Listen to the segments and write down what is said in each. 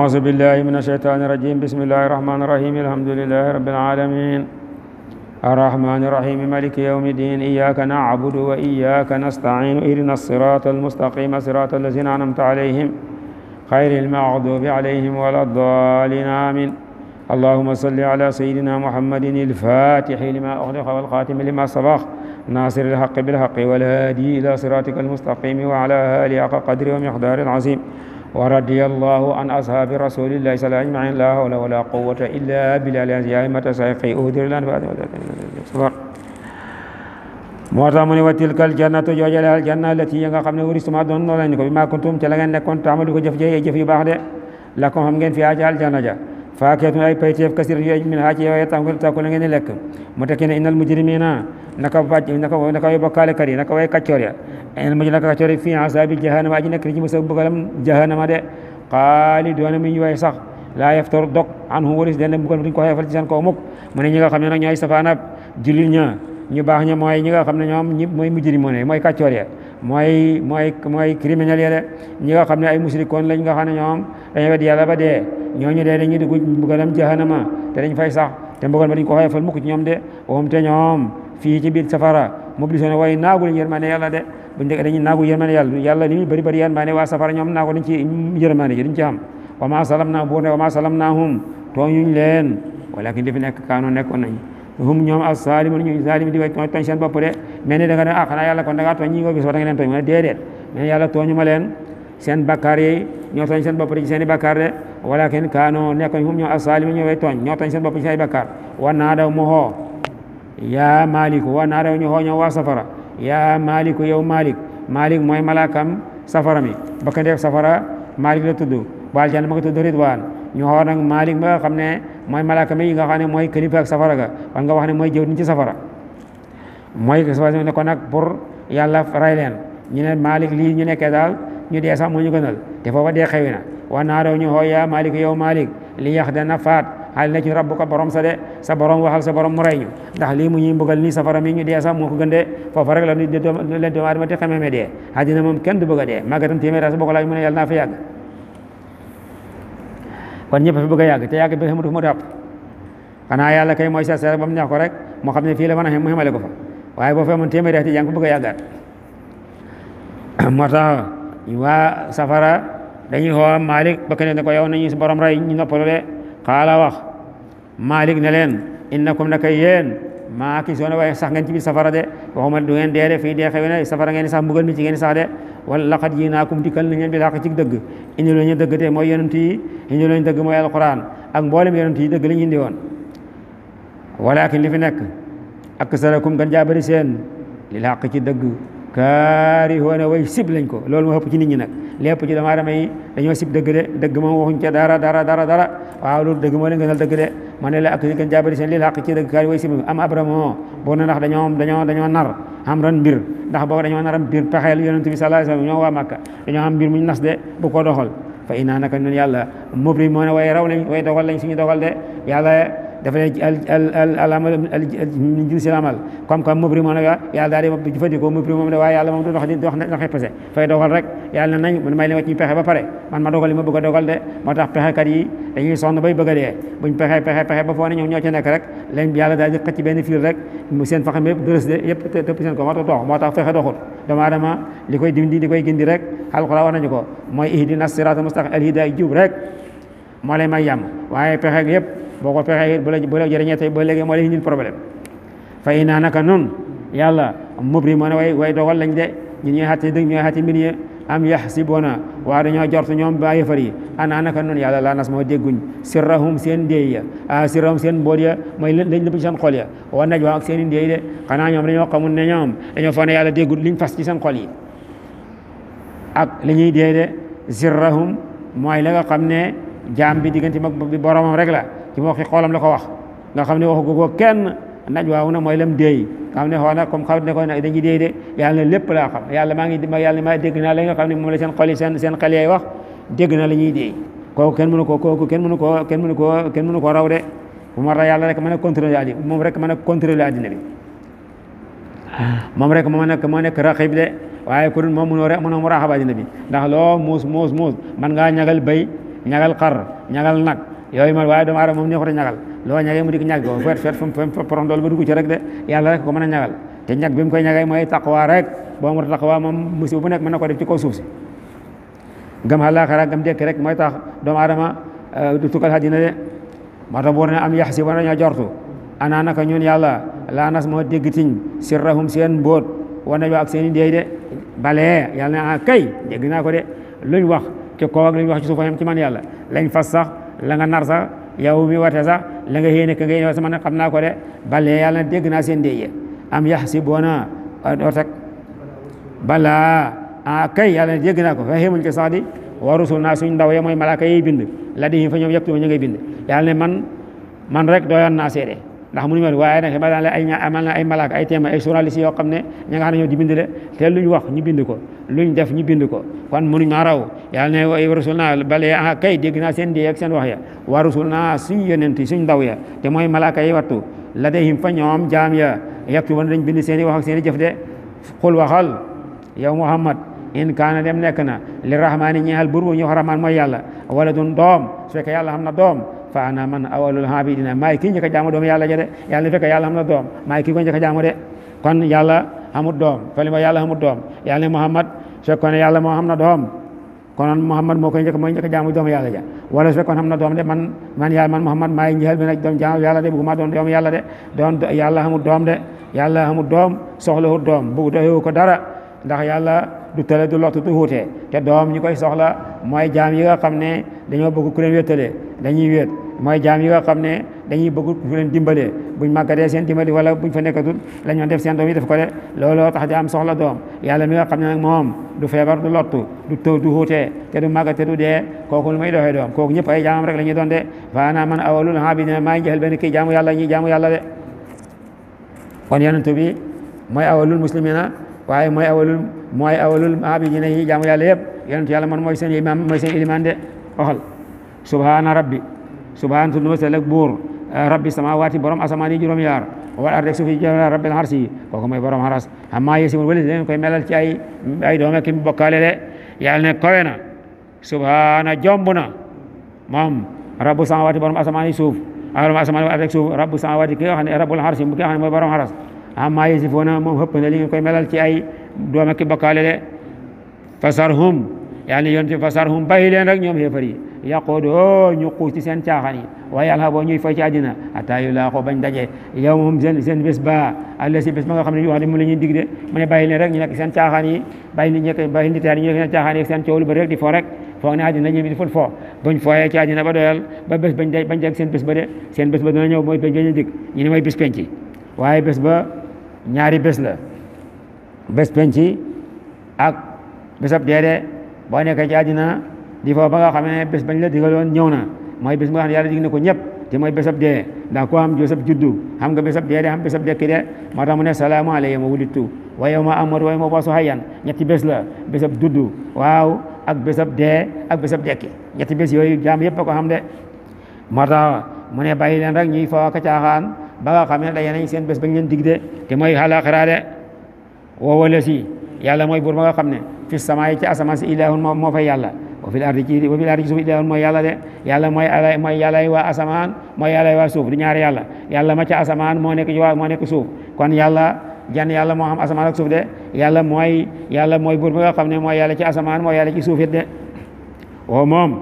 أعوذ بالله من الشيطان الرجيم بسم الله الرحمن الرحيم الحمد لله رب العالمين الرحمن الرحيم مالك يوم الدين إياك نعبد وإياك نستعين إهدنا الصراط المستقيم صراط الذين أنعمت عليهم خير المغضوب عليهم ولا الضالين آمين اللهم صل على سيدنا محمد الفاتح لما أغلق والخاتم لما سبق ناصر الحق بالحق والهادي إلى صراطك المستقيم وعلى آله حق قدره ومقدار العظيم ورضي الله عن أصحاب رسول الله صلى الله عليه وسلم لا حول ولا قوة إلا بالله يا متى سيقي أهدر لنا بعد صبر moo tax mu ne wa tilkal jannatu joojale al janna la ci ya nga xam ne uristuma doon noo lañ ko bi ma kuntum ca la ngeen nekkoon taamalu ko jëf jëf yu baax de la ko xam ngeen fi aja al janna ja faakiyatun ay payteef kasiratun yu ay min haa ci yooye tàkku la ngeen di lekk mu tekki ne innal mujrimina naka bàcc naka naka way bokkaalekat yi naka way kaccoor ya innal mujrimina naka kaccoor yi fii asaabi jahannama aji nekk ci mësa bëggalam jahannama de xaali doona mi ñu way sax laa yaftor dog an hu walis den bëggal duñ ko xeefal ci seen kaw mukk mu ne ñi nga xam ne nag ñooy safaanab jullit ña ñu baax ña mooy ñi nga xam ne ñoom ñi mooy mujrimo ne mooy kàccoor ya mooy mooy mooy criminel ya de ñi nga xam ne ay musrikoon ñooñu dee dañuy dugg mbugalam jahannama te dañ fay sax te mbugal ma dañ ko xayfal mukk ci ñoom de waxum te ñoom fii ci biir safara mobilisé way naagu lañ yërmande yàlla de buñ dëgg dañuy naagu yërmande yàlla yàlla li muy bëri bëri yërmande waa safara ñoom naagu dañ ci yërmande ji dañ ci am wa ma salam naa bu ne wa ma salam naahum tooñuñ leen walakin li fi nekk kaanu nekkoon nañ hum ñoom as salimun ñu salim di way tooñ seen bopp de mais ne da nga ne ah xanaa yàlla kon da ngaa tooñ ñi nga gis wa da nga leen tooñ mu ne déedéet mais yàlla tooñu ma leen seen bakkaar yi ñoo tooñ seen bopp de ci seen i bakkaar de walakin kaano nekk hum ñoo asaalimi ñoo way tooñ ñoo tooñ seen bopp ci ay bakkaar war naa daw mu xoo yaa maaliku war naa daw ñu xoo ñoo waa safara yaa maaliku yow maalik maalik mooy malaakam safara mi bakka ndeef safara maalik la tudd ba aljanna ma nga tudd ridwaan ñu xoo nga xam ne mooy malaaka yi nga xam ne mooy kilifa ak safara ga war nga wax ne mooy jëw ni ci safara mooy safara ne ko nag pour yàlla ray leen ñu ne maalik lii ñu nekkee daal ñu dee sax moo ñu gënal te foofa dee xewi wa naaraw ñu hoo yaa malik yow malik li yax dana faat xaal na ci rabbuka borom sa sa borom waxal sa borom mu rey ndax li mu ñuy mbugal nii safara mi ñu dee sa moo ko gën de foofa rek la nit leen doomu aadama te xamee dee àddina moom kenn du bëgg a dee màggatam téeméer as boo ko laaj mu ne fa ñëpp fi bëgg a yàgg te yàgg bi xamatu fu mu dàpp xanaa yàlla kay mooy sa seet ba mu neex ko rek moo xam ne fii la mën a mu xamale ko fa waaye boo fa amoon téeméer as te jàng ko bëgg a yàggaat dañuy xoo Malik ba keneen ne ko yow si borom rey ñu noppalu de xaala wax Malik ne leen innakum naka yéen maa ki soona waaye sax ngeen ci biir safara de waxuma du ngeen dee de fii dee xewi na safara ngeen sax mbugal mi ci ngeen sax de wala laqad jiinaakum dikkal nañ leen bi ñu ci dëgg indi lañu dëgg te mooy yonent yi indi lañu dëgg mooy alquran ak mboolem yonent yi dëgg la ñu indi woon walakin li fi nekk aksarakum kan jaa bari seen li laq ci dëgg kaari hoone way sib lañ ko loolu moo ëpp ci nit ñi nag lépp ci doomu de dëgg moom waxuñ dara dara dara dara waaw loolu moo leen gënal dëgg de ma ne la ak gën jaabari seen lil xaq ci dëgg kaari way sib am abramo oh, boo na ndax dañoo dañoo dañoo nar am ran mbir ndax boobu dañoo nar am mbir pexeel yonent bi sallallahu alayhi wasallam waa Makka dañoo am mbir muñ nas de bu ko fa inaa naka ñun yàlla moo way raw lañ way doxal lañ suñu doxal de yàlla dafa ne al al amal min jinsil amal comme comme mubri moom nag yàlla daal di moom jëfandikoo mubri moom ne waaye yàlla moom du dox dox doxee pese fay dogal rek yàlla ne may leen wàcc ñu pexe ba pare man ma dogal li ma bëgg a dogal de moo tax pexekat yi dañuy sonn pexe pexe ba foo ne ñoom ñoo ci nekk rek yàlla daal di xëcc benn fiil rek mu seen faxam yëpp dërës de yëpp tëpp seen ko moo tax dox moo tax fexe doxut doomu aadama li koy dindi di koy gindi rek alxuraan war nañu ko mooy ihdina siraatal mustaqim alhidaay jub rek moo lay may yam waaye pexe yëpp boo ko fexee bu la bu la jëriñee tey ba léegi moo lay indil problème fay mubri ma ne way way dogal lañ de ñu ñooy xati dëgg ñooy xati mbir yi am yaxsibuna waa dañoo jortu ñoom ba yëfar yi ana naka noonu yàlla laa nas moo dégguñ sirrahum seen ndéey ya a sirrahum seen mbóot ya mooy lañ lëpp ci seen xol ya wa naj waa ak seen i ndéey de xanaa yàlla déggul liñ fas ci seen xol yi ak li ñuy dee de sirrahum mooy la nga xam ne jaam bi diggante mag bi boromam rek la ci waxi xoolam la ko wax nga xam ne waxu ko kenn naj waaw na mooy lam déey nga xam ne xoola comme xawt ne ko na dañuy déey de yàlla ne lépp laa xam yàlla maa ngi yàlla maa dégg naa la nga xam ne moom la seen xol yi seen seen xel yaay wax dégg na la ñuy ken kooku mënu ko kooku kenn mënu koo kenn mënu koo kenn mënu koo raw de bu ma ra yàlla rek mën a contrôler àddina moom rek mën a contrôler àddina bi moom rek moo nekk moo nekk raqib de waaye ku dul moom mënoo rek mënoo mu raxab àddina bi ndax loo muus muus muus man ngaa ñagal béy ñagal xar ñagal nag yooyu man waaye doomu aadama moom neexut a ñagal loo ñagee mu dikk ñag ko fet fet fa porom dool ba dugg rek de yàlla rek a ñagal te ñag bi mu koy ñagay mooy taqwa rek boo amul taqwa moom musiba bu nekk mën na ko def ci kaw suuf si gëm àllaaxira gëm dekk rek mooy tax doomu aadama euh, du tukkal de moo tax buur ne am yax si jortu ana naka ñun yàlla laa nas moo dégg tiñ sirrahum seen mbóot wan nañu ak seen i déey de balee yàlla ne ah kay dégg naa ko de luñ wax ci kaw ak luñ wax ci suuf yam ci man yàlla lañ fas la nga nar yow mi wate sa la nga yéene ka nga yéene sama naa ko de bale yàlla dégg naa seen déye am yaxsiboona doo teg balaa a kay yàlla dégg naa ko fa xémuñ ko sax di wa rusul naa ndaw ya mooy malaaka yiy bind la di fa ñoom yëpp ñu ngay bind man man rek doyoon naa seede ndax mu ñu waaye nag ay amal ay malaaka ay téema ay journaliste ne ña nga xam di bind de te luñ wax ñu bind ko luñ def ñu bind ko kon mënuñ maa raw yàlla ne wa rasul naa bale ah kay dégg naa seen di ak seen wax ya wa rasul naa suñ yonent suñ ndaw ya te mooy malaaka yi wattu la dayhim fa ñoom jaam ya yektu wan dañ bind seen i wax ak seen i jëf de xul waxal yow muhammad in kaana dem nekk na li rahmaani ñeexal bur bu ñu wax rahmaan mooy yàlla wala dun doom su fekkee yàlla xam na doom fa ana man awalul abidina maay kii njëkk a jaamu doom yàlla ja de yàlla ni fekk yàlla am na doom maay kii ko a jaamu de kon doom fali ma yàlla amut doom yàlla ne Muhammad fekkoon yàlla moo am na doom konoon Muhammad moo koy njëkk mooy njëkk a jaamu doom yàlla ja wala fekkoon am na doom de man man yàlla man Muhammad maay njël bi nag doom jaamu yàlla de bëgguma doom yàlla de doon yàlla amut doom de yàlla amut doom soxlawut doom bu doyewu ko dara ndax yàlla du tële du lottu du xuutee te doom ñi koy soxla mooy jaam yi nga xam ne dañoo bëgg ku leen wéttale dañuy wéet mooy jaam yi nga xam ne dañuy bëgg ku leen dimbalee buñ màggatee seen dimbali wala buñ fa nekkatul la ñoon def seen doom yi def ko de looloo tax di am soxla doom yàlla mi nga xam ne moom du feebar du lottu du tëw du xuutee te du màggat du dee kooku lu may doxee doom kooku ñëpp ay jaamam rek la ñuy doon de faanaa man awalul abidina benn kii jaamu yàlla ñuy jaamu yàlla de kon yonent bi mooy awalul muslimina waaye mooy awalul mooy awalul abidina yi jaamu yàlla yëpp yonent yàlla man mooy seen imaam mooy seen ilimaan de waxal subhaana rabbi subhaan tudd ma sell ak borom asamaan yi juróom yaar wal ardi suuf yi juróom yaar ko arsi yi borom xaras amma yesimun wali leen koy melal ci ay ay doome ki bokkaale de yàlla ne kawe na subhaana jomb na moom rabbu samaawaati ki nga xam ne rabbul arsi koy melal ci ay doome ki bokkaale de fasarhum yàlla ne yonti fasarhum bàyyi leen rek ñoom xéefar yaqoodoo ñu xuus ci seen caaxaan yi waaye yàlla boo ñuy fay ci àddina ataa yu laa ko bañ daje yow moom seen seen bés ba àlla si bés ba nga xam ne yoo xam ne moom la de mu ne bàyyi rek ñu nekk seen caaxaan yi bàyyi nit ñi bàyyi nit ñi ñu nekk seen caaxaan yi seen coow lu bari rek di fo rek foog ne àddina ñoom it ful fo buñ fooyee ci ba doyal ba bés bañ ba de ba dina ñëw ba ñu dig ba ñaari bés la bés penc ak bésab dee de boo nekkee ci àddina di foofu ba nga xamee ne bés bañ la digaloon ñëw na mooy bés nga xam ne yàlla dig na ko ñëpp te mooy bésab dee ndax ko am josab juddu xam nga bésab dee de xam bésab dekki de moo tax mu ne salaamu alayhi ma wa yawma amatu wa yawma ubasu hayyan ñetti bés la bésab juddu waaw ak bésab dee ak bésab dekki ñetti bés yooyu jaam yëpp ko xam de moo ta mu ne bàyyi leen rek ñuy foo ak caaxaan ba nga xam ne daje nañ seen bés bañ leen dig de te mooy àllaaxira de woo wala si yàlla mooy buur ba nga xam ne fi samaay ci asamaan si ilaahun moo fay yàlla wa fil ardi ci wa fil ardi mooy yàlla de yàlla mooy ala mooy yàllay waa asamaan mooy yàllay waa suuf du ñaari yàlla yàlla ma ca asamaan moo nekk ci waa moo nekk suuf kon yàlla jan yàlla moo xam asamaan ak suuf de yàlla mooy yàlla mooy buur bi nga xam ne mooy yàlla ci asamaan mooy yàlla ci suuf it de woo moom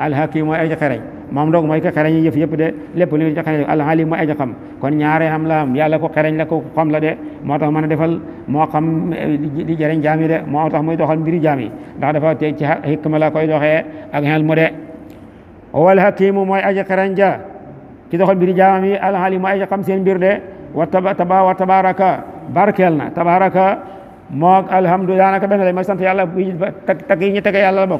alhakim mooy aji xereñ moom doog mooy ko xereñ yëf yëpp de lépp li ci xereñ al alim mooy aja xam kon ñaare xam la yàlla ko xereñ la ko xam la de moo tax mën a defal moo xam eh, di jëriñ jaam yi de moo tax muy doxal mbiri jaam yi ndax dafa te ci xikma la koy doxee ak xel mu de wal hakimu mooy aja xereñ ja ci doxal mbiri jaam yi al alim mooy aja xam seen mbir de wa taba wa tabaraka barkeel na tabaraka moo alhamdu daanaka benn lay mooy sant yàlla tag yi ñu tege yàlla la bokk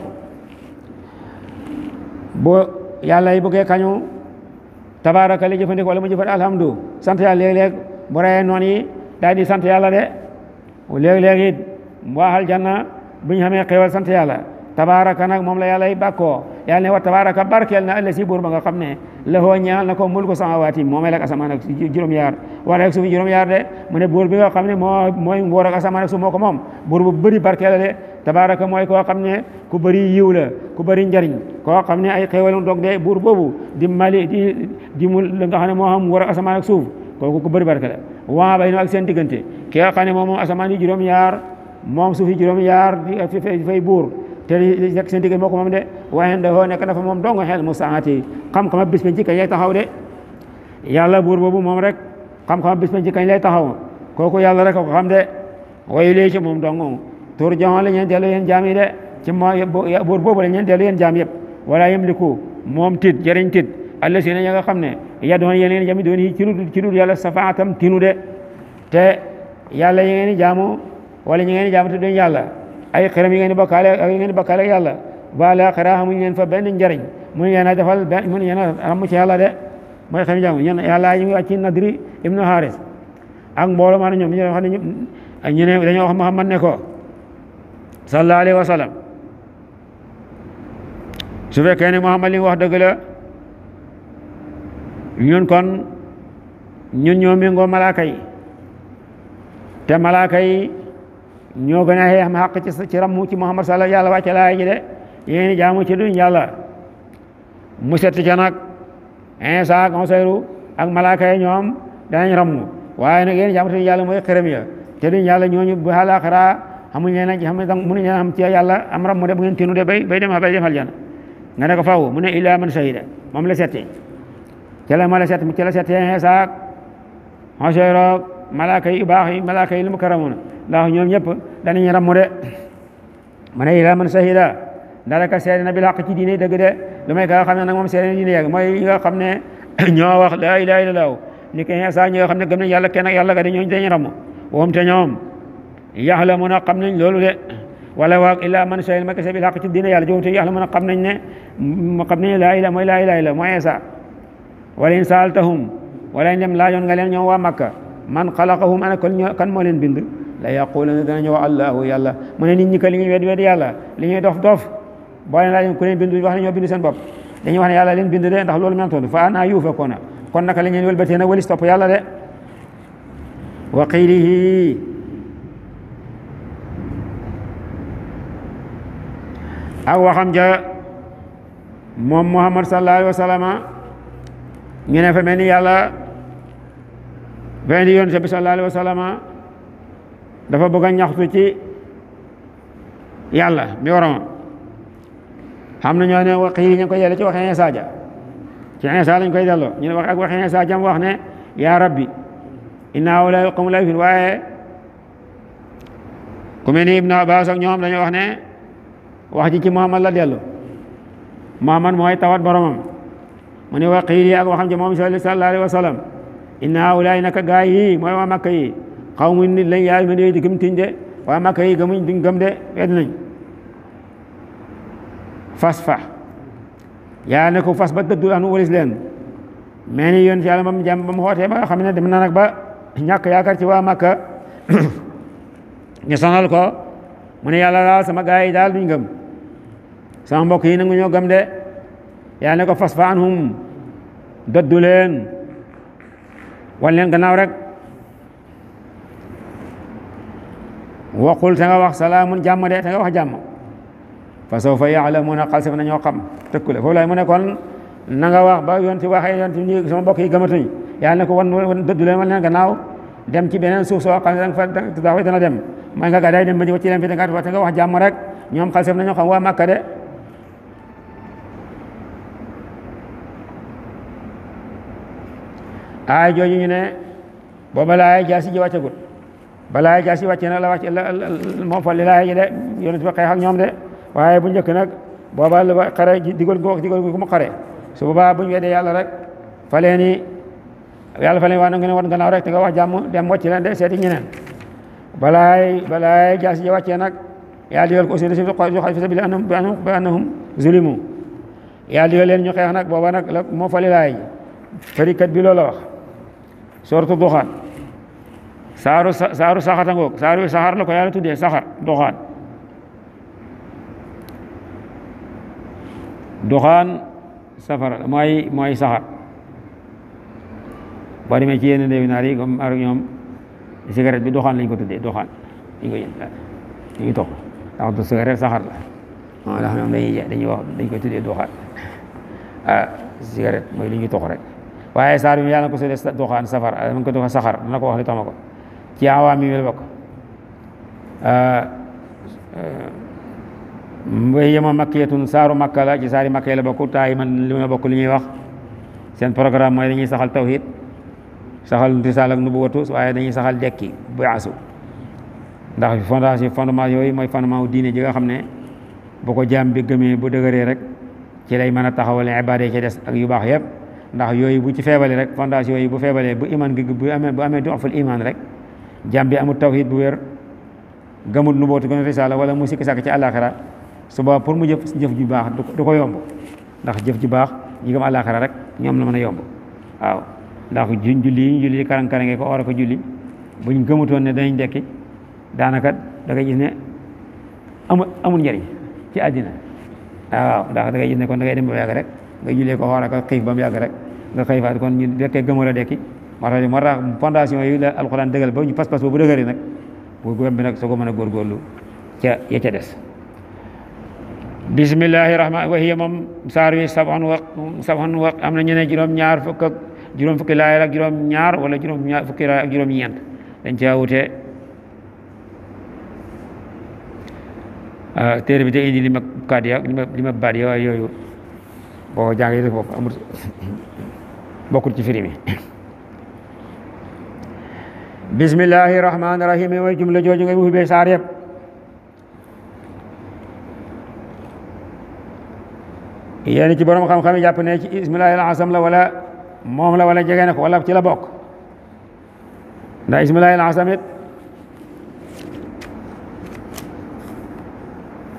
yàlla yi bëggee kañu tabaaraka li jëfandikoo wala mu jëfandikoo alhamdu sant yàlla léeg-léeg bu reyee noon yi daal di sant yàlla de léeg-léeg it waaxal janna bu ñu xamee xéewal sant yàlla tabaaraka nag moom la yàlla yi bàkkoo yàlla ne wa tabaaraka barkeel na ëllëg si buur ba nga xam ne lahoo ñaal na ko mulku samaawaati moomeel ak asamaan ak juróom-yaar wala ak suuf juróom-yaar de mu ne buur bi nga xam ne moo mooy nguur ak asamaan ak suuf moo bu bëri barkeel de tabaraka mooy koo xam ne ku bari yiw la ku bari njariñ koo xam ne ay xéewalam dog de buur boobu di mali di di mu la nga xam ne moo xam war a ak suuf kooku ku bëri barke la waa bay seen diggante ki ne moom moom asamaan yi juróom moom suuf yi yaar di te nekk seen diggante moo ko moom de waaye dafoo moom dong xel mu saati xam-xama bis taxaw de yàlla buur boobu moom rek xam bis ci kañ lay taxaw kooku yàlla rek ko xam de wayu léegi ci tur jamono la ñeen dellu yéen jaam yi de ci moo buur boobu la ñeen dellu yéen jaam yëpp wala yamliku moom tit jëriñ tit alla si ne ña nga xam ne ya doon yeneen jami yi ci dul ci dul yàlla safaatam tinu de te yàlla yi ngeen di jaamu wala ñi ngeen di jaamu te duñ yàlla ay xëram yi ngeen di bokkaale ak yi ngeen di bokkaale yàlla wala xëra amuñ leen fa benn njëriñ mun ngeen a defal mun yen a ramu ci yàlla de mooy xam jaamu ñen yàlla ñu ngi wàcc Nadri ibnu Haris ak mbooloo maa ñoom ñu wax ne ñu ne dañoo wax Muhammad ne ko sallallahu alayhi wa sallam su fekkee ne Muhammad li wax dëgg la ñun kon ñun ñoo méngoo malaaka yi te malaaka yi ñoo gën a xam ci ci ci Muhammad sallallahu yàlla wàcce laa ji de yéen jaamu ci duñ mu setti ca nag Iisaa ak Usayru ak malaaka yi ñoom danañ ramu waaye nag yéen jaamu ci duñ mooy xërëm ya te duñ ñooñu bu àllaaxira amuñu leen a xam ne mënuñu leen a xam ci yàlla am rab mu de bu ngeen tinu de bay bay dem bay dem aljana nga ne ko faaw mu ne illa man shahida moom la settee ci la ma la set ci la settee xeesaak xoseeroog malaaka yi baax yi malaaka yi lu mu karamoon ndax ñoom ñëpp danañu rab mu de mu ne illa man shahida dara ka seede na bil xaq ci diine dëgg de lu may ka xam ne nag moom seede na diine yàgg mooy nga xam ne ñoo wax la ilaha illallah ni ko xeesaa ñi nga xam ne gëm nañ yàlla kenn ak yàlla ga de ñooñu dañu ram moom te ñoom yaxlamuuna xam nañ loolu de wala wa illaa man shahida makasa bil xaq ci diine yàlla jow te yaxlamuuna xam nañ ne xam la laa ila mooy laa ilaa ila mooy Isa wala in saaltahum wala in dem laajoon nga leen ñoom waa Makka man xalaqahum ana kan moo leen bind la na danañu wax allahu yàlla mu ne nit ñi que li ñuy wed wed yàlla li ñuy dof dof boo leen laajoon ku leen bind wax ne ñoo bind seen bopp dañuy wax ne yàlla leen bind de ndax loolu mel toll fa ana yuufakuuna kon naka la ñeen wëlbatee na walis topp yàlla de wa ak waxam ja moom muhammad sallallahu alayhi wa sallama ñu fa mel ni yàlla fa indi yoon sa bi wa sallama dafa bëgg ñaxtu ci yàlla mi warama xam na ñoo ne wax yi ñu koy yàlla ci waxee Isaa ja ci Isaa lañ koy delloo ñu wax ak wax ne yaa rabbi inna awla qawmu ibnu abbas ak ñoom dañoo wax ne wax ji ci Muhammad la dellu Muhammad mooy tawat boromam mu wa qiili ak waxam ci moom sallallahu alayhi wa sallam inna haulaay naka gaay mooy waa Makka yi xawmun nit lañ yaay mën de waa Makka yi gëmuñ duñ de wedd nañ fas fa ko fas ba dëddul anu walis leen mais ni yoon ba mu xootee ba nga xam ne ba ñàkk yaakaar ci waa Makka ñu sonal ko mu ne yàlla daal sama gaay yi daal duñ gëm sama mbokk yi nangu ñoo gëm de yàlla ne ko fas fa anhum doddu leen wan leen gannaaw rek waxul te nga wax salaamun jàmm de te nga wax jàmm fa sawfa ya'lamuuna xal sef na ñoo xam tëkkule foofu laay mu ne kon na nga wax ba yoon ti waxee yoon ti ñi sama mbokk yi gëmatuñ yàlla ne ko wan doddu leen wan leen naaw dem ci beneen suuf soo xam ne danga fa dana dem mooy nga gàddaay dem ba jóg ci leen fi dangaa tuba te nga wax jàmm rek ñoom xalsef nañu xam waa Màkka de aay jooju ñu ne booba laay jaasi ji wàccagut ba laay jaasi wàcce na la wàcc moom fa li laay ji de yonent ba xeex ak ñoom de waaye bu njëkk nag booba lu xare digal gu digal gu mu xare su boobaa bu ñu weddee yàlla rek fa leen ni yàlla fa leen waa na ngeen war gannaaw rek te nga wax jàmm dem wàcc leen de seeti ñeneen balaay balaay jaasi ja wàccee nag ya digal ko aussi fi bi annahum zulimu yaa digal leen ñu xeex nag booba la moo fali laay farikat bi loola wax sortu doxaan saaru saaru saxata ngoog saaru saxar la ko yàlla tuddee saxar doxaan doxaan safara mooy mooy saxar boo demee ci yenn ndewi naar yi comme cigarette bi doxaan lañ ko tuddee doxaan dañ ñu ngi tox ndax du saxar la waaw ah, ndax ñoom dañuy jaay wax dañ koy tuddee doxaan ah mooy li ñuy tox rek waaye saar bi yàlla na ko tuddee doxaan safar mu ah, ngi ko doxee saxar dana ko wax li tax ma ko ci awaam yi la bokk ah, yema makkiyatun saaru makka la ci saari makka la bokk taay man ma bokk li ñuy wax seen programme mooy dañuy saxal tawhid saxal risaal ak nubuwatu waaye dañuy saxal dekki bu yaasu ndax fondation fondement yooyu mooy fondement wu diine ji nga xam ne bu ko jaam bi gëmee bu dëgëree rek ci lay mën a taxawale ibaada yi ci des ak yu baax yëpp ndax yooyu bu ci feebalee rek fondation yooyu bu feebalee bu iman gi bu amee bu amee doxul iman rek jaam bi amul tawhid bu wér gëmul nubuwatu ko a risaala wala mu sikki sàkk ci àllaaxira suba pour mu jëf jëf ju baax du ko yomb ndax jëf ju baax ñi gëm rek ñoom la mën a yomb ndax julli yi ñu julli karang-karangee ko war julli buñ gëmutoon ne danañ dekki daanaka da ngay gis ne amul amul njëriñ ci àddina waaw ndax da ngay gis ne kon da ngay dem ba yàgg rek nga jullee ko xool ak xiif ba mu yàgg rek nga xiifaat kon ñu dekkee gëmoo la dekki moo tax fondation yi la alxuraan dëggal ba ñu pas-pas boobu dëgëree nag bu góor bi nag soo ko mën a góorgóorlu ca ya ca des bismillahi rahmaan wa moom saar wi sabxan wa sabxan wa am na ñeneen juróom ñaar juróom fukki laay juróom ñaar wala juróom fukki laay juróom ñeent dañ caa wute ah, téere bi day indi li ma kaat ya li yooyu boo ci firi mi bismillahi rahmaani rahim mooy jumla jooju ngay ubbee saar yëpp yéen ci borom xam-xam yi jàpp ne ci ismillahi al la wala moom la walla jege na ko wala ci la bokk ndax ismilaahil azam it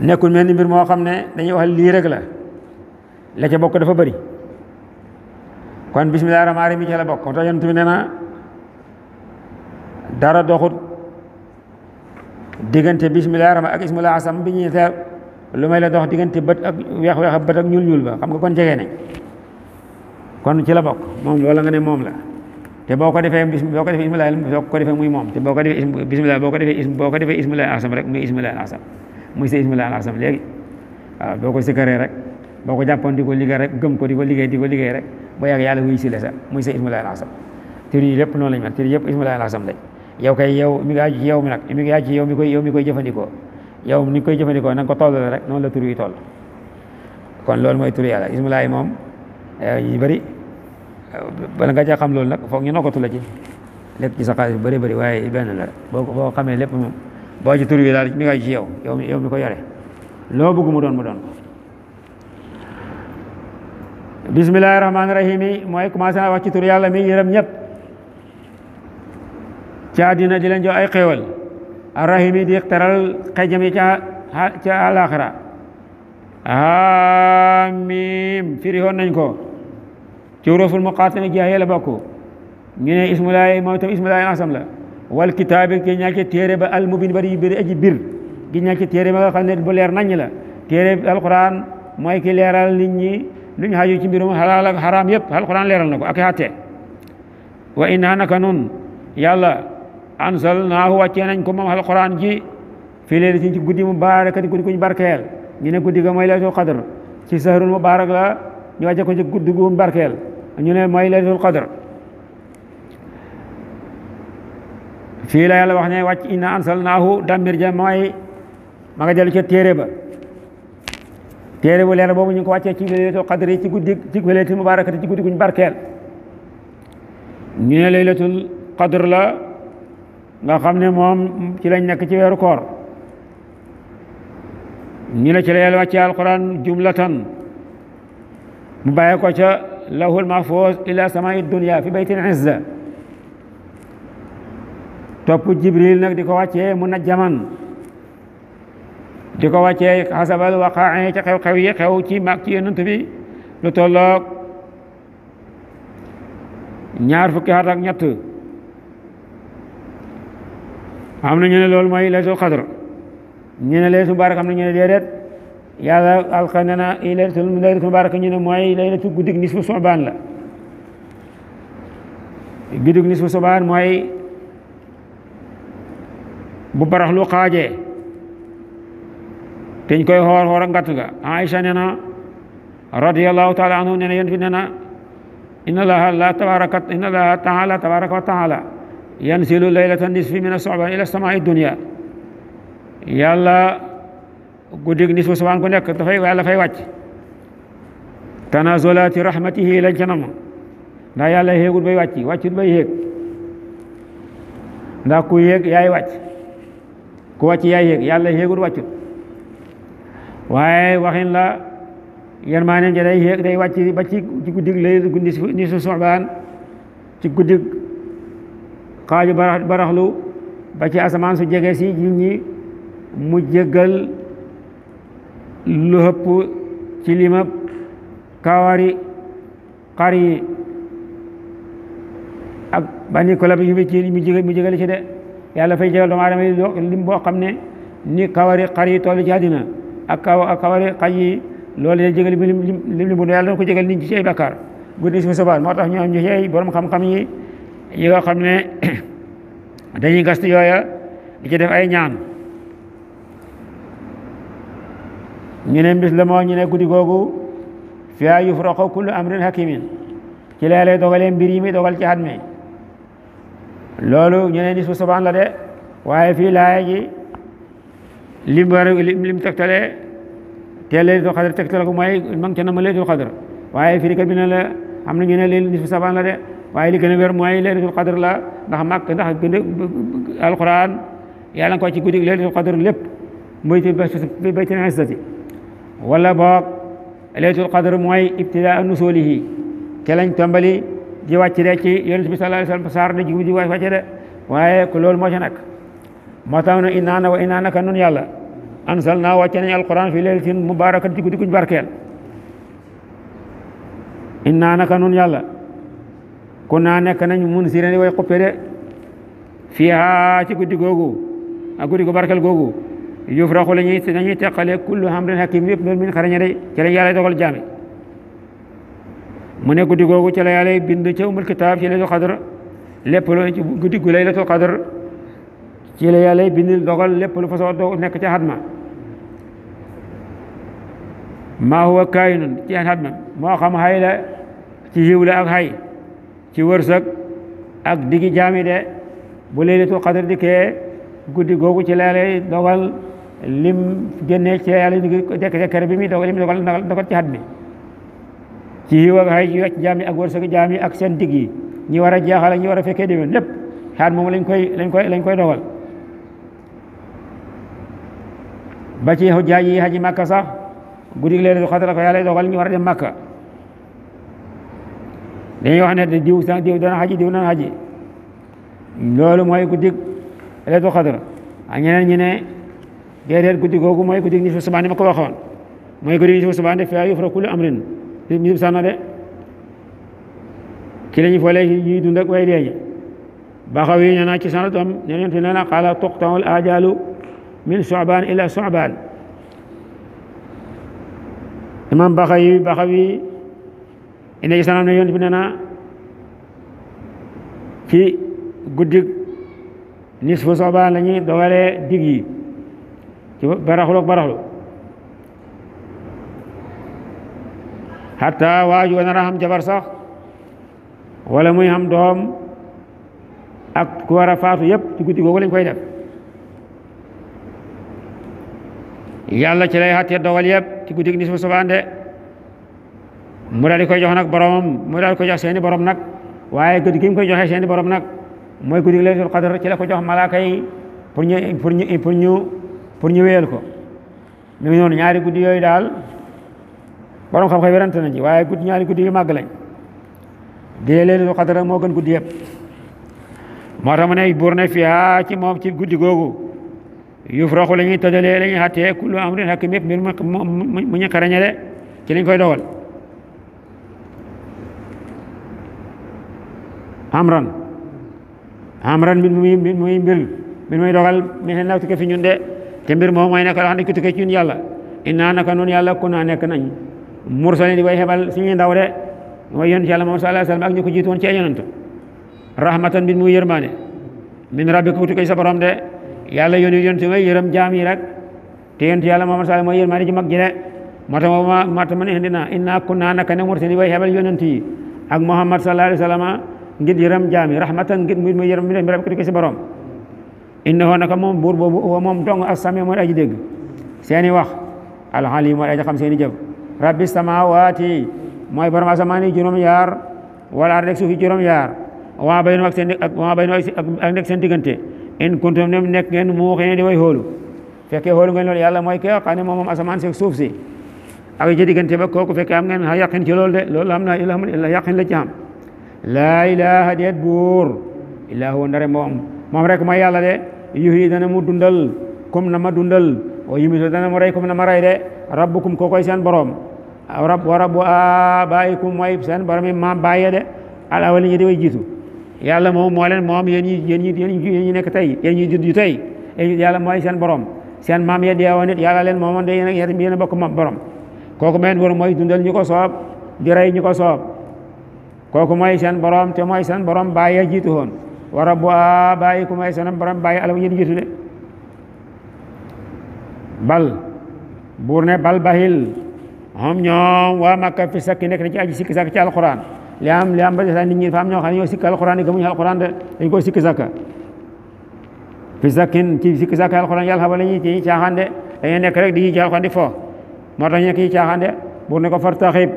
nekkul mel ni mbir moo xam ne dañuy wax lii rek la la bokk dafa bari kon bismillaahi rahmaani rahiim mi ci la bokk kon tax yonent bi nee na dara doxut diggante bismillaahi rahmaani ak ismilaahil azam bi ñuy teer lu may la dox diggante bët ak weex weex ak bët ak ñuul ñuul ba xam nga kon jege nañ kon ci la bokk moom loola moom la te boo ko defee boo ko defee ismulaay boo ko defee muy moom te boo ko defee bismillah boo ko defee boo sa ismulaay asam léegi ko sikkaree ko jàppoon di ko ko di ko na nga ko tollale rek noonu la tur yi toll kon moom eh, yu bala nga caa xam loolu nag foog ñu nokkatu la ci lekk ci sa xaalis bu bëri bëri waaye benn la boo boo xamee lépp moom boo ci tur bi daal mi ngi ci yow mi yow mi ko yore loo bëgg mu doon mu doon bismillahi rahmaani rahim yi mooy commencé naa wax ci tur yàlla mi yërëm ñëpp ci àddina di leen jox ay xéewal arrahim yi di teral xejam yi ca ca àlaxira amiin firi woon nañ ko ci ruusul muqaatami jaahiya la bokk ñu ne ismulaay moom itam ismulaay asam la wal kitaabi gi ñàkk téere ba al mubin bari bari aji bir gi ñàkk téere ba nga xam ne bu leer nañ la téere alquran mooy ki leeral nit ñi lu ñu ci mbirum xalaal ak xaraam yëpp alquran leeral na ko ak xatte wa inna naka nun yàlla anzalnaahu wàccee nañ ko moom alquran ji fii léegi ci ci guddi mubaaraka di guddi kuñ barkeel ñu ne guddi ga mooy laylatul qadr ci sahrul mubaarak la ñu ne mooy laylatul qadr fii la yàlla wax ne wàcc inna ansalnaahu dambir ja mooy ma nga jël ca téere ba téere bu leer boobu ñu ngi ko wàccee ci laylatul qadr yi ci guddi ci laylatul mubaarakati ci guddi ñu ne laylatul qadr la nga xam ne moom ci lañ nekk ci weeru koor ñu ne ci la yàlla wàccee alquran jumlatan mu bàyyi ko ca lawhul mahfuz ila samai dunya fi baytil izza topp jibril nag di ko wàccee mu najjaman di ko wàccee xasabal waqa'i ci xew-xew yi xew ci mag ci yonent bi lu tolloog ñaar fukki at ak ñett am na ñu ne loolu mooy laylatul qadr ñu ne laylatul mubarak am na ñu ne yàlla alqa ne na laylatul laylatul mubaraka ñu ne mooy laylatu guddig nisfu sobaan la guddig nisfu sobaan mooy bu barax lu xaajee teñ koy xoor xoor ak ngatt ga Aïcha ne na radiyallahu taala anhu ne na yonent bi ne na inna allaha la tabaraka inna allaha taala tabaraka wa taala yanzilu laylata nisfi min as-soban ila samai dunia yàlla guddig nisfu subaan ku nekk dafay yàlla fay wàcc tanazulaati rahmatihi lañ ca nam yàlla yéegul bay wàcc wàccut bay yéeg ndax ku yéeg yaay wàcc ku wàcc yaay yéeg yàlla yéegul wàccut waaye waxin la yan maa ja day yéeg day wàcc ba ci ci guddig laylatul nisfu subaan ci guddig xaaju baraxlu ba ci asamaan su jege si nit mu jéggal lu ci limab kawari xar yi ak bani ko la bi mu ci mu jege mu ci de yàlla fay jegal doomu aadama yi lim boo xam ne ni kawari xar yi toll ci àddina ak kawari xaj yi loolu la jégal lim lim bu yàlla ko jégal nit ci ay bakkaar guddi si subaan moo tax ñu am ñu borom xam-xam yi yi nga xam ne dañuy gastu yooya di ci def ay ñaan ñu ne bis la moo ñu ne guddi googu fiyaa yufraqu kullu amrin hakimin ci lay lay dogalee mbir yi muy dogal ci at mi loolu ñu ne nisfu la de waaye fii laaya ji lim war lim tegtalee teel laylatul xadr tegtal ko mooy mang ca na ma laylatul xadr waaye fi kat bi ne la am na ñu ne leen nisfu sabaan la de waaye li gën a wér mooy laylatul la ndax màkk ndax gën a alquran yàlla nga ko ci guddi laylatul xadr lépp muy ci wala boog laylatul qadr mooy ibtidaa nusulihi ke lañ tombali ji wàcc de ci yonent bi sallallahu alayhi wasallam saar na jigu di de waaye ku lool moo ci nekk moo tax na inaa na wa inaa naka nun yàlla ansal naa wàcce nañ alquran fi laylatin mubarakatin ci guddi guñ barkeel inaa naka nun yàlla ku naa nekk nañ mun sirani way xuppe de fiihaa ci guddi googu ak guddi gu barkeel googu yufraxu la ñuy dañuy teqale kullu hamrin hakim yëpp loolu min xaraña day ci la yàlla dogal mu ne guddi googu ci la yàlla bind ca umul kitaab ci laylatul qadr lépp lu ci guddi gu laylatul qadr ci yàlla bind dogal lépp lu fasoo doo nekk huwa kaayinun ci xatma moo xam xay la ci yiw la ak xay ci wërsëg ak digi jaami de bu laylatul qadr dikkee guddi googu ci la yàlla lim génnee ci yàlla ñu ko décret bi muy dogal li mu dogal dogal ci at mi ci yiw ak xay ci wàcc jaam yi ak wërsëg jaam yi ak seen digg yi ñi war a jeexal ak ñi war a fekkee déwén lépp xaat moom lañ koy lañ koy lañ koy dogal ba ci xujjaaj yi xaji màkka sax guddig leen xatala ko yàlla dogal ñu war a dem màkka dañuy wax ne diw sax diw dana xaji diw dana xaji loolu mooy guddig leetu xadra a ñeneen ñi déedéet guddi kooku mooy guddi nisfu sabaan ni ma ko waxoon mooy guddi nisfu sabaan de fiihaa yufraqu kullu amrin ñi sànna de ci la ñu foolee ñuy dund ak way deeñi ci sanad am ne yonent nee na qaala tuqta'ul ajalu min su'baan ila su'baan imam baxaw yi baxaw yi ci sanad ne yonent bi nee na ci guddi nisfu sabaan la ci baraxloog baraxlu xataa waaju wa nar jabar sax wala muy xam doom ak ku war a faatu yëpp ci guddi googu lañ koy def yàlla ci lay xattee dogal yëpp ci guddi ni su mu daal koy jox nag boromam mu daal di koy jox seeni borom nag waaye guddi gi koy joxe seeni borom nag mooy guddi laylatul qadr ci la ko jox malaaka yi ñu pour ñu wéyal ko mi ngi noonu ñaari guddi yooyu daal borom xam-xam werante nañ ci waaye guddi ñaari guddi yu màgg lañ dee leelu xadara moo gën guddi yëpp moo tax mu ne buur ne fiyaa ci moom ci guddi googu yufraxu la ñuy tëddalee la ñuy xàttee kullu amrin hakim yëpp mbir mu ñu xarañale ci lañ koy dogal amran amran mbir muy mbir muy dogal mi ne nawtika fi ñun de te mbir moom mooy nekk loo xam ne ku tukkee ci ñun yàlla innaa naka noonu yàlla ku naa nekk nañ mursaliin di way xebal suñuy ndaw de mooy yonent yàlla moom sallallaahu alayhi wa sallam ak ñu yi rek te yonent yàlla moom sallallaahu mooy yërmaane ji mag ji de moo tax ma maa tax ma ne indi naa innaa ku naa naka ne mursaliin di way xebal yonent yi Muhammad sallallaahu alayhi wa sallam rahmatan ngir muy yërëm mi rabbikum tukkee sa innahu naka moom buur boobu wa moom dong as-sami mooy aji dégg seeni wax al-alim mooy aji xam seeni jëf rabbi samawati mooy borom a yi juróom yaar wala ar rek suufi juróom yaar wa bayna ak seen ak wa bayna seen diggante in kuntum nem nekk ngeen muuxine di way xoolu fekkee xoolu ngeen loolu yàlla mooy ke xam ne moom moom asamaan suuf si ak ja diggante ba kooku fekkee am ngeen yaqin ci lool de loolu am na yaqin la ci am laa ilaha deet buur illaa huwa ndare moom moom rek mooy yàlla de yuhi dana mu dundal comme na ma dundal o yumitu dana mu rey comme na ma rey de rabbukum koo koy seen borom rab wa rabbu abaayikum mooy seen borom yi maam bàyyee de al awwaliin ñi di way jiitu yàlla moom moo leen moom yéen ñi yéen ñi yéen ñi nekk tey yéen ñi juddu tey yàlla mooy seen borom seen maam ya deewoon nit yàlla leen moomoon de yéen a bokk moom borom kooku meen borom mooy dundal ñi ko soob di rey ñi ko soob kooku mooy seen borom te mooy seen borom bàyyee jiitu woon wa rabbu aabaa'ikum ay seen borom bàyyi alaw yéen jiitu de bal buur ne bal bahil xam ñoom waa Makka fi sakki nekk na ci aji sikki sàkk ci alquran li am ba nit ñi fa am ñoo xam ne ñoo yi dañ koo sikki sàkk fi sakkin ci sikki sàkk alquran yàlla xamal ñi ci de dañuy nekk rek di ci alquran di fo moo tax ñu nekk yi caaxaan de buur ne ko fartaxib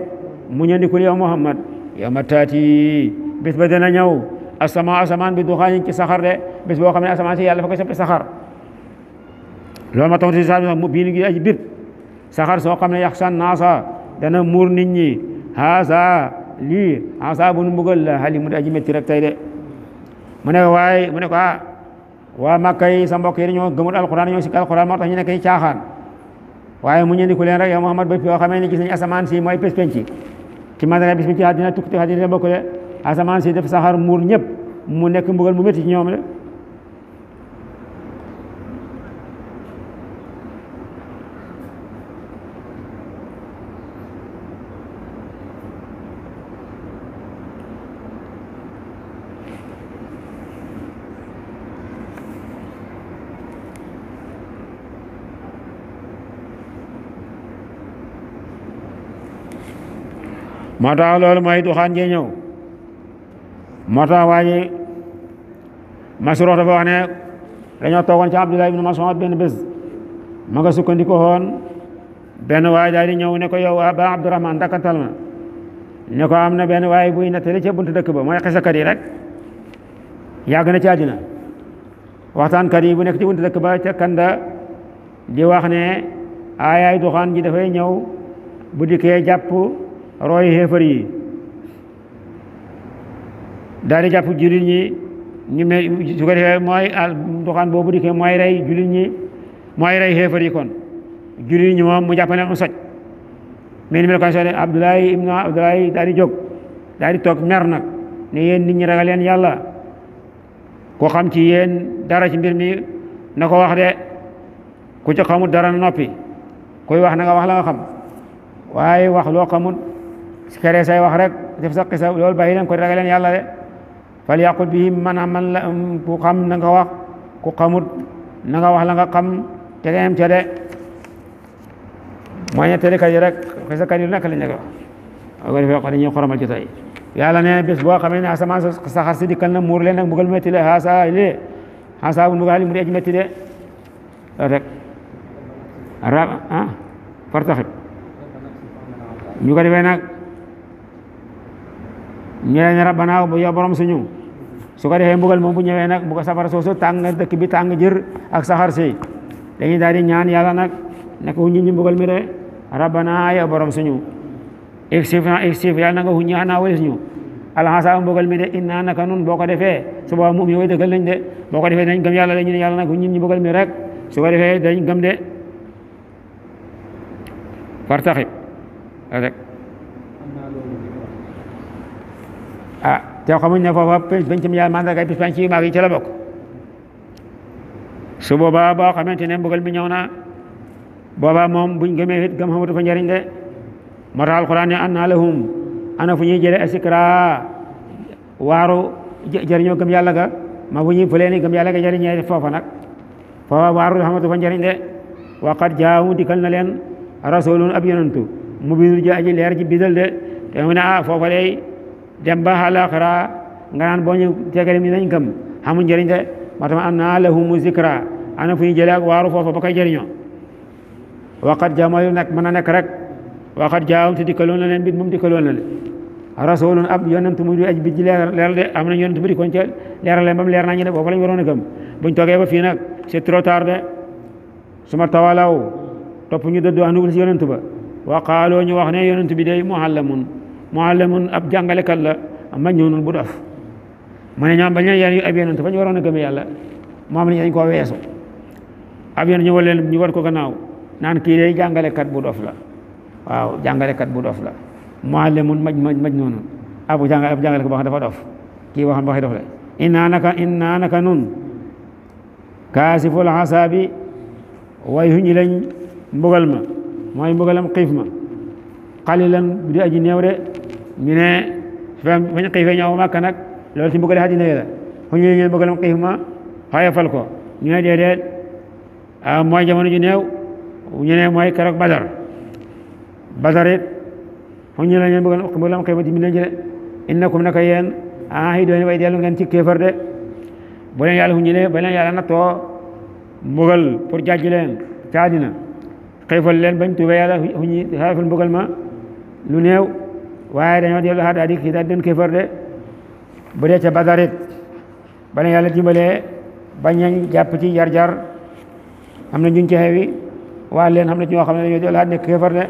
mu ñëndikul yow Muhammad yow taati bis ba dana ñëw asama asamaan bi duxaanin ci saxar de bés boo xam ne asamaan si yàlla dafa koy soppi saxar loolu ma tax si sa bii ni gi aji bir saxar soo xam ne yaxsan naasa dana muur nit ñi haasa lii haasa bu nu mbugal la xali mu di aji métti rek tey de mu ne waaye mu ne ko ah waa Makka sa mbokk yi dañoo gëmul alquran ñoo sikk alquran moo tax ñu nekk ay waaye mu ñëndi ku leen rek yow Muhammad ba yoo xamee ne asamaan si mooy pés penc ci mandara bis bi asamaan si def saxaar muur ñëpp mu nekk mbugal mu métti ci ñoom de moo tax loolu mooy duxaan jee moo tax waa ji Masruux dafa wax ne dañoo toogoon ci Abdullah ibn Mas'ud benn bés ma nga sukkandiku woon benn waay daal di ñëw ne ko yow Aba Abdurahman dakkantal ma ne ko am na benn waay buy nettali ca bunt dëkk ba mooy xesakat yi rek yàgg na ci àddina waxtaankat yi bu nekk ci buntu dëkk ba ca Kanda di wax ne aayaay duxaan ji dafay ñëw bu dikkee jàpp rooy xéefar yi daal di jàpp jullit ñi ñu mel su ko mooy al doxaan boobu dikkee mooy rey jullit ñi mooy rey xeefar yi kon jullit ñi moom mu jàpp ne mu soj mel kon soo ne Abdoulaye ibnu Abdoulaye daal di jóg di toog mer nag ne yéen nit ñi ragal leen yàlla koo xam ci yéen dara ci mbir mi na ko wax de ku ci xamul dara na noppi kuy wax na nga wax la nga xam waaye wax loo xamul kere say wax rek def sa xisa loolu bàyyi leen ko ragal yàlla de fal yàqul bihim maanaam man la ku xam na nga wax ku xamut na nga wax la nga xam te nga yem ca yi rek xisakat yi nekk la ñu wax ko defee ko dañuy xoromal ci na bés boo xamee ne asamaan saxar si dikkal na muur leen nag mbugal metti le xaasa li xaasa bu mbugal mu di aj metti de rek rab ah fartaxib ñu ko defee ñu ne rabbana bu yow borom suñu su ko defee mbugal moom bu ñëwee nag bu safar safara soosu tàng dëkk bi tàng jër ak saxar si dañuy daal di ñaan yàlla nag nekk wuññi ñu mbugal mi de rabbana yow borom suñu ixsif na ixsif yàlla na nga wuññi mi de inna naka nun boo ko defee su boobaa muum nañ de boo ko defee dañ gëm yàlla de ñu ne yàlla nag wuññi ñu mbugal mi rek ko defee dañ gëm de ah te xamuñ ne foofa pencum yàlla mandarga bis penc yu mag yi ci la bokk su boobaa boo xamante ne mbugal bi ñëw na boobaa moom buñ gëmee it gëm xamatu fa njëriñ de moo tax alxuraan ne an naa lahum ana fu ñuy jëlee asikra waaru jëriñoo gëm yàlla ma fu ñuy fëlee ni gëm yàlla ga foofa nag foofa waaru xamatu fa njëriñ de waqad jaawu dikkal na leen rasulun ab mu binul ji aji leer ji bidal de te mu ne ah, foofa lay dem ba àllaaxira nga naan boo ñu tegalee ni nañ gëm xamul njëriñ de moo tax am naa lahumu zikra ana fu ñu jëlee ak waaru foofu ba koy jëriñoo waqat jaa mooy nag mën a nekk rek waqat jaawum te dikkaloon na leen bit moom dikkaloon na leen rasulun ab yonent mu di aj bi ci leer leeral de am na yonent mu di kon ca leeral leen ba mu leer nañu de a gëm buñ toogee ba fii nag c'est trop tard de su ma tawalaw topp ñu dëddu àndugul si yonent ba waqaaloo ñu wax ne yonent bi day muhallamun muallamun ab jàngalekat la majnuunun bu dof mu ne ñoom bañ leen yar yu ab yonent ba ñu waroon a gëm yàlla moom lañ dañ koo weesu ab yonent ñu war leen ñu war ko gannaaw naan kii day jàngalekat bu dof la waaw jàngalekat bu dof la muallamun maj majnuunun ab jàng ab jàngalekat boo xam dafa dof kii waxam waxi dof la innaa naka innaa naka nun kaasiful xasaabi way huñi lañ mbugal ma mooy mbugalam xiif aji néew de ñu ne fañ xiifee ñëw màkk nag loolu ci mbugali àddina yi la fu ñu ñu mbugalam xiif ma xaye falko ko ñu ne ah, mooy jamono ju néew ñu ne mooy keroog badar badar it fu ñu la ñu mbugalam xiif ma ci mi leen ci de innakum naka yéen ah yi doon way dellu ngeen ci kéefar bo bu leen yàlla fu ñu le ba leen yàlla nattoo mbugal pour jàjj leen ci àddina xiifal leen bañ tuubee yàlla fu ñu xaafal mbugal ma lu néew waaye dañoo dellu xaat daal di kii daal doon de bu dee ca Badarit ba ne yàlla dimbalee bañ nañ jàpp ci jar-jar am na ñuñ ci xewi waa leen xam na ñoo xam ne dañoo dellu xaat ne kéefar de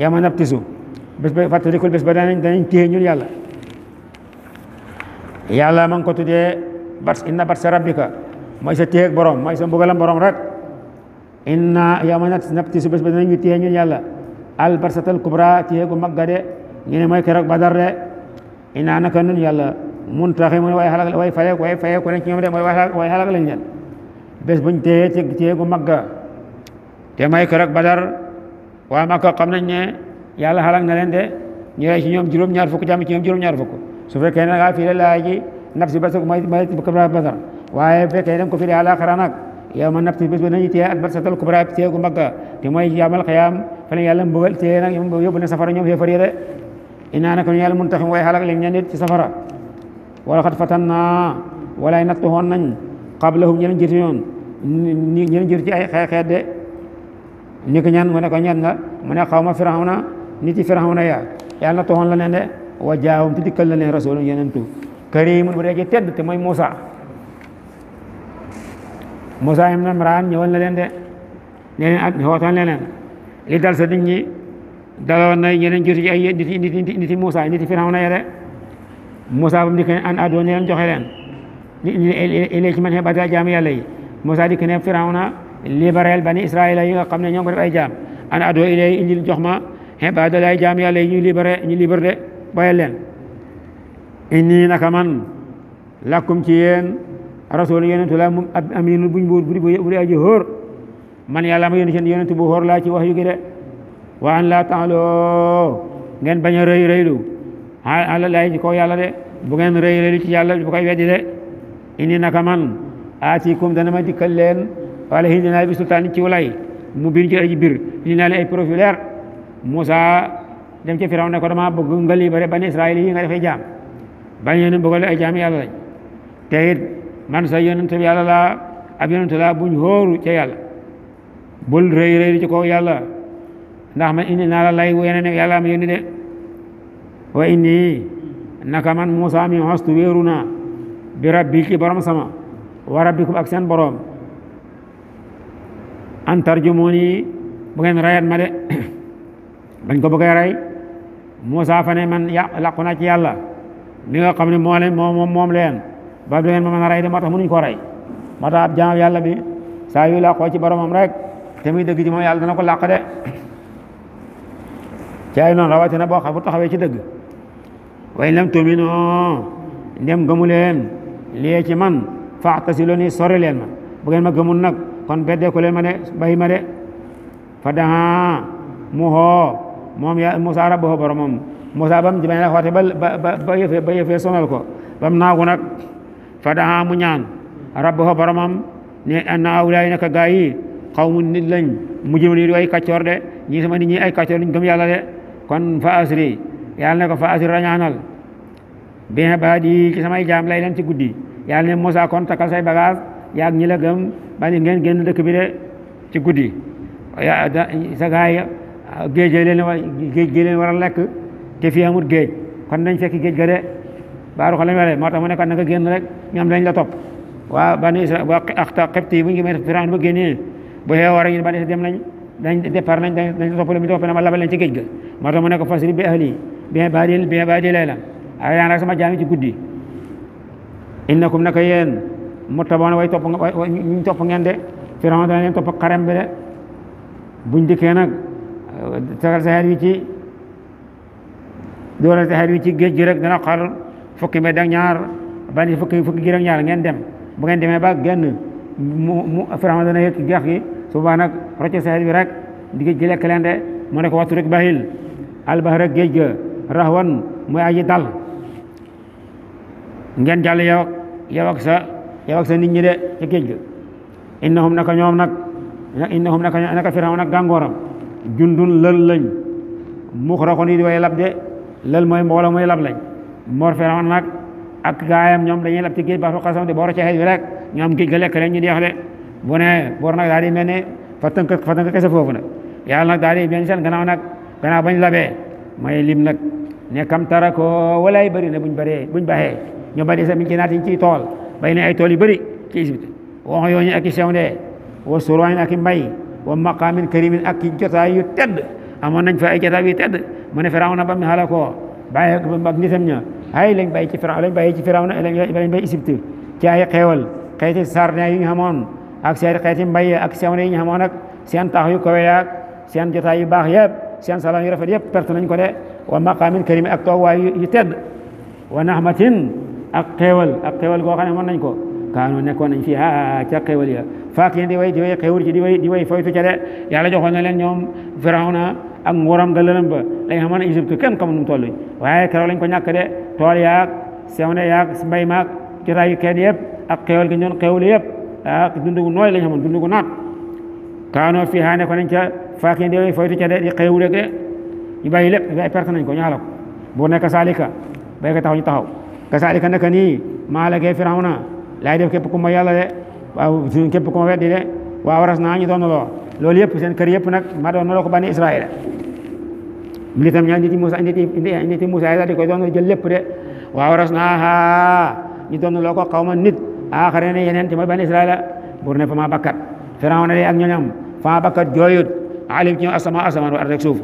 yaa ma nab tisu bés ba fàttalikul bés ba danañ danañ téye ñun yàlla yàlla ma ngi ko tuddee inna barsa rabbika mooy sa téyeeg borom mooy sa mbugalam borom rek inna yaa ma nab tisu bés ba danañ ñu téye ñun yàlla al barsatal kubra téye gu mag de ñu ne mooy keroog badar de inaa naka nun yàlla mun taxe mu ne way xalak way faye way faye ko ne ci ñoom de mooy way xalak lañ leen bés buñ téye téye gu magga te mooy keroog badar xam nañ ne yàlla xalak na leen de ñu rey ñaar fukk jàmm su fekkee ne ngaa fii waaye bu fekkee ko fi de àllaaxira nag yow ma nafsi bés ba nañu kubra téye gu magga te mooy yaamal xiyaam fa la yàlla mbugal na safara ñoom xéefar de inaana ko ñu yàlla mun taxim way xalak leen ña nit ci safara wala xat fatan naa walaay nattu woon nañ qablahum ñeneen jiitu yoon ñeneen jiitu ci ay xeet xeet de ni ko ñan mu ne ko ñan nga mu ne xaw ma firawna nit yi firawna ya yàlla nattu woon la leen de wa jaawum ti dikkal la leen rasulun yenentu karimun bu dee ci tedd te mooy Moussa Moussa ibn Imran ñëwal na leen de leneen ak leneen li dal sa nit daloon na ñeneen jiitu ji ay niti niti niti Moussa niti Firawna ya de Moussa ba mu ne an addoo ne leen joxe leen li li ci man xeeb a jaam yàlla yi Moussa dikk ne Firawna bani Israël yi nga xam ne ñoo ko def ay jaam an addoo ilay indil jox ma xeeb a dalay jaam yàlla yi ñu libéré ñu libéré de bàyyi leen inni naka man lakkum ci yéen rasul yonentu la mu aminul buñ buur bu di aji hóor man yàlla ma yonent bu hóor laa ci wax yu gi de wa an laa ngeen bañ a rëy rëylu ala lay ci kaw yàlla de bu ngeen rëy ci yàlla bu koy weddi de inni naka man aatikum dana ma dikkal leen wala hindi naa bi sultaan ci walay mu biir ci aji biir indi naa leen ay preuve yu leer Moussa dem ci Firaw ne ko dama bëgg nga libéré bani Israël yi nga defee jaam bañ ñu bëggal ay jaam yàlla lañ te it man sa yonent yàlla laa ab yonent laa buñ hóoru ca yàlla ci kaw ndax man indi naa la lay wu yeneen yàlla ma yónni de wa inni naka man Muusaa mi xostu wéeru naa bi rabbi ki borom sama wa rabbikum ak seen borom an tarjumuuni bu ngeen rayat ma de bañ ko bëggee rey Muusaa fa ne man làqu naa ci yàlla mi nga xam ne moo leen moom moom leen ba du ma mën a rey de moo tax mënuñu ko rey moo tax ab jaam yàlla bi saa yu làqoo ci boromam rek te muy dëgg ci moom yàlla dana ko làq de ay caay noonu rawatina boo xam bu taxawee ci dëgg way lam tuminu ndem gëmu leen lii ci man fa'tasiluni sori leen ma bu ngeen ma gëmul nag kon beddee ko leen ma de bay ma de fa daa mu hoo moom ya Musaa rabbahu boromam Musaa bam jibañ la xoote ba ba yëfee ba yëfee ko bam naagu nag mu ñaan rabbahu boromam ne anna awlaay naka gaa yi xaw mu nit lañ mujjëm ni di ay kàccoor de ñii sama nit ñi ay kàccoor lañ gëm yàlla de kon fa asri yàlla ne ko fa asri rañaanal bi ibaadi ci samay jaam lay leen ci guddi yàlla ne Moussa kon takkal say bagage yaag ñi la gëm bani ngeen génn dëkk bi de ci guddi sa gaay géej leen wa géej gi leen war lekk te fii amul géej kon dañ fekk géej ga de baaru ko lañ ware moo tax mu ne kon génn rek ñoom dañ la topp waa bani Isra waa axta xibti yi bu ñu ngi may Firawna ba génnee bu xeewoo rek dem nañ dañ départ nañ dañ soppali mu topp na ma labal leen ci géej ga moo tax ne ko fasri bi ahli bien baadil bien baadi laylan ay yaan ak sama jaami ci guddi innakum naka yéen muttaboon way topp ñu topp ngeen de Firawna dana leen topp xarem bi buñ dikkee nag euh, tegal sa xeer wi ci sa xeer wi ci géej gi rek dana xal fukki mbedd ak ñaar bani fukki fukki gi ak ñaar ngeen dem bu ngeen ba genn mu Firawna dana yëkk geex gi subaa nag rocce saxet bi rek di géej gi lekk leen de mu ne ko waxtu rek bahil albahra géej ga rahwan mooy aji dal ngeen jàll yow yow sa yow nit ñi de ca géej ga innahum naka ñoom nag innahum naka ñoom naka firaw nag gàngooram jundun lël lañ muxraqun yi di way lab de lël mooy mbooloo mooy lab lañ moor firaw nag ak gaayam ñoom dañuy lab ci géej ba xasam de boora ca xeet bi rek ñoom géej ga lekk leen ñu deex de bu ne boor nag daal di mel ne fa tënk fa tënk kese foofu nag yàlla nag daal di benn seen gannaaw nag gannaaw bañ labee may lim nag ne kam tara ko walaay bëri na buñ bëree buñ baxee ñu bari sax mi ci tool bay ne ay tool yu bëri ci isbit wax yooñu ak i sewnde wa surwaañ ak i mbay wa maqaamin karimin ak i jotaay yu tedd amoon nañ fa ay jotaay yu tedd mu na ba mu xala ko bàyyi ko mag nitam ña ay lañ bàyyi ci firaw lañ bàyyi ci firaw na lañ bàyyi isbit ci ay xeewal xeeti sarne yu ak seen xeeti mbay ya ak seen yi ñu xamoon ak yu kawe yaak seen jotaay yu baax yëpp seen salaam yu rafet yëpp perte ko de wa maqaamin karim ak tooguwaay yu tedd wa naxmatin ak xeewal ak xeewal goo ko kaanu nekkoon nañ fi a ca ya faak yéen di way di way xewur ci di way di way foytu de yàlla joxoon na leen ñoom firawna ak nguuram ga lëlëm ba lañ xamoon ne Égypte kenn xamul nu mu toll waaye keroog lañ ko ñàkk de tool yaak sewne yaak mbay maak jotaay yu kenn yëpp ak xeewal gi ñoon xeewul yëpp ah dund gu nooy lañ xamoon dund gu naat kaanoo fii xaa nekkoon nañ ca faaki ndee foytu ca de di xeewu de ñu bàyyi lépp ay perte nañ ko ñaala ko bu nekk saalika bay ko taxaw ñu taxaw ka saalika na laay def képp ku ma yàlla de waaw suñ képp ku ma weddi de waaw ras naa ñu doon loo loolu yëpp seen kër yëpp nag ma doon loo ko bani Israël mi itam ñaa niti Moussa niti niti Moussa di koy doon jël ko xaw nit axarina yeneen te mooy bani israila bur fa ma bakkat firawna de ak ñoñam fa ma bakkat jooyut alim ci ñoom asama asamaan wa ar rek suuf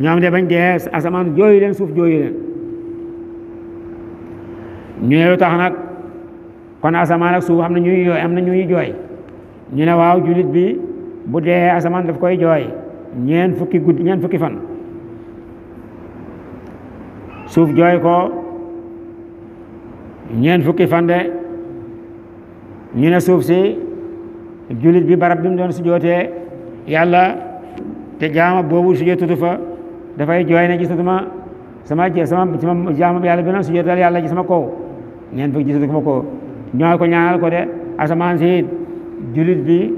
ñoom de bañ dee asamaan jooyu leen suuf jooyu leen ñu ne tax nag kon asamaan suuf am na ñuy jooy am na ñuy jooy ñu ne waaw julit bi bu dee asamaan daf koy jooy ñeen fukki guddi ñeen fukki fan suuf jooy ko ñeen fukki fan de ñu ne suuf si jullit bi barab bi mu doon sujootee yàlla te jaama boobu sujootutu fa dafay jooy ne gisatuma sama sama sama jaama yàlla bi doon sujootal yàlla ci sama kaw ñeen fa gisatuma ko ñooy ko ñaanal ko de asamaan si jullit bi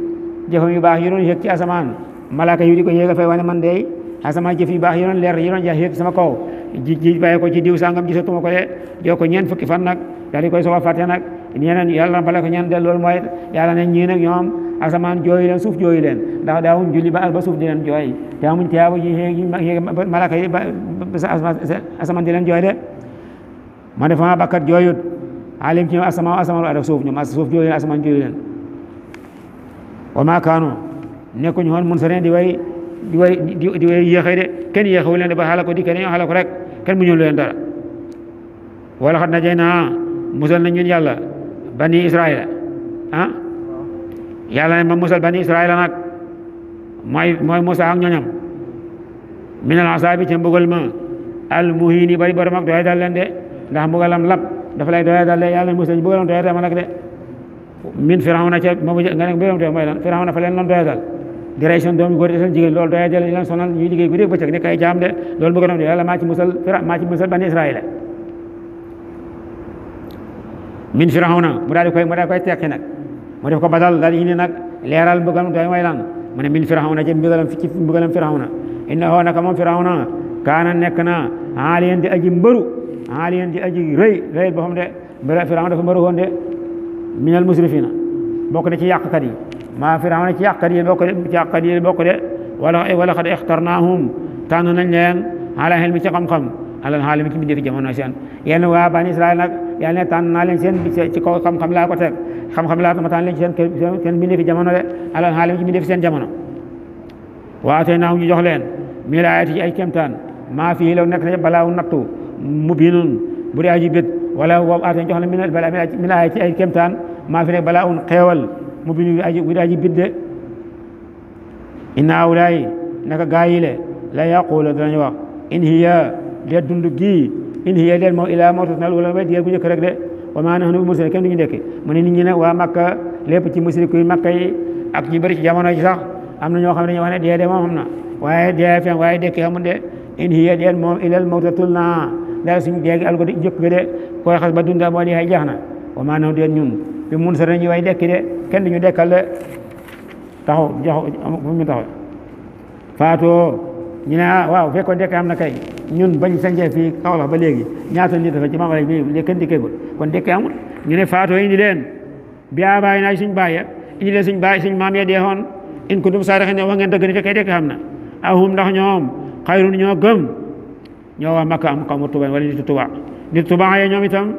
jëfam yu baax yi doon yëg ci asamaan malaaka yu di ko yéegal fay man dey asamaan jëf yu baax yi leer yi doon yëg sama kaw ji ji bàyyi ko ci fukki fan nag daal koy soog a nag ñeneen yàlla bale ko ñeen del loolu mooy yàlla ne ñii nag ñoom asamaan jooyu leen suuf jooyu leen ndax julli ba suuf di leen jooy te amuñ tiyaabu malaka asamaan di leen jooy de ma def ma bakkat jooyut alim ci ñoom asamaan asamaan ada suuf ñoom suuf jooyu leen asamaan jooyu leen wa maa kaanu nekkuñ woon mun seren di way di de kenn yéexewu leen de ba xala ko di kenn ñoo rek kenn mu ñëw leen dara wala xat na musal nañ ñun yàlla bani israila ah yàlla ne ma musal bani israila nag mooy mooy Musa ak ñoñam minal asaabi ca mbugal ma al muhini bari borom ak doye de ndax mbugalam lab dafa lay doye dal de yàlla ne musal mbugalam doye dal ma nag de min firawna ca nga ne mbiram doy mooy lan firawna fa leen loon doye dal di rey seen doom góor seen jigéen loolu doye dal de loolu mbugalam musal bani israila min firawna mu daal di koy mu daal di koy tekki nag mu def ko badal mu ne min firawna ci mbugalam ci mbugalam firawna innahu naka kaana nekk na aaliyan di aji mbëru aaliyan di aji rëy rëy boo xam de firawna dafa mbëru de minal musrifina bokk na ci yàqkat maa firawna ci yàqkat yi yi bokk de wala eh, wala xad ixtarnaahum tànn nañ leen ala xel mi ci xam-xam alal xaalim ci bindee fi jamono seen yenn waa bani israel yàlla ne tànn naa seen ci kaw xam laa ko teg xam-xam laa ma tànn leen seen seen mbindeefi jamono de alal xaalim ci mbindeefi seen jamono waaw tey naa ñu jox leen mi la ayati ci ay kéemtaan maa fii law nekk na balaaw mu biinun bu dee aji bét jox leen mi ci ay kéemtaan maa balaaw xeewal mu biinu bu dee aji bét de inna awlaay naka gaayile la yaquula danañu wax in hiya dee dund gii in hiya déet moom illaa mawtatuna l-uulaa mooy dee gu njëkk rek de wa maa nahnu bi mursaliin kenn du ñu dekki mu ne ji sax am na ñoo xam ne dañuy wax ne dee de moom xam na waaye dee fen waaye dekki xamul de in hiya déet moom illal mawtatul naa daal suñu dee gi algo de njëkk xas ba dunda boo dee ay jeex na wa maa nahnu déet ñun bi mursaliin ñu way dekki de kenn du ñu dekkal de taxaw jox fu ñu taxaw faatoo ñu ne ah waaw fekkoon dekk am na kay ñun bañ sañcee fii Kaolack ba léegi ñaata nit dafa ci Mamadou bi léegi kenn dikkeegul kon dekk amul ñu ne faatoo indi leen biyaa bàyyi naa suñ bàyya indi leen suñ ba suñ maam ya deexoon in kuntum saadiqiin wax ngeen dëgg ne fekkee dekk am a ahum ndax ñoom xayrun ñoo gëm ñoo waa Makka am xaw ma Tuubaa wala nitu Tuubaa nit Tuubaa yee ñoom itam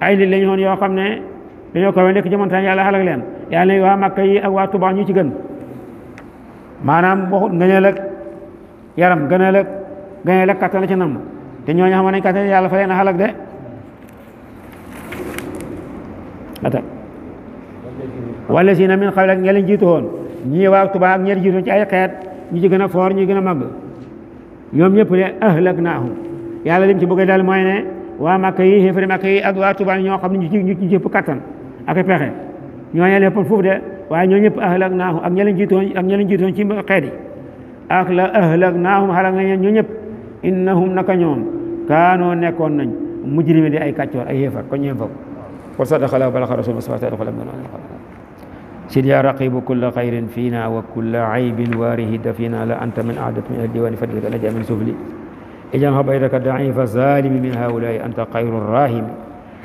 ay nit lañu woon yoo ne dañoo ko nekk ci montagne yàlla xalak leen yàlla waa Makka yi ak waa Tuubaa ñu ci yaram gën a la gën a la ci nam te ñooñu xamoon nañ kattan yàlla fa leen a xalak de ata wala si na min xaw lek ñe leen jiitu woon ñii waa Tuubaa ak ñeenti jiitu ci ay xeet ñu ci gën foor ñu gën a màgg ñoom ñëpp de ahlak naahum yàlla lim ci bëgg daal mooy ne waa Makka yi xéefari Makka yi ak waa Tuubaa ñoo xam ne ñu ci jëpp katan ak i pexe ñooñu leen foofu de waaye ñoo ñëpp ahlak naahum ak ñe leen jiitu woon ak ñe leen ci xeet yi ak la ahlak naahum xalak nañ ñu ñëpp innahum naka ñoom kaanoo nekkoon nañ mujrimi di ay kàccoor ay yéefar ko ñeen foofu wa sadaqala balaxa rasul sa ta fa lamna sid ya raqibu kulla xayrin fiina wa kulla aybin waarihida fiina la anta min aadat min aldiwani fadlika naja min sufli ijam habaydaka daifa zalimi min haulai anta xayru rahimi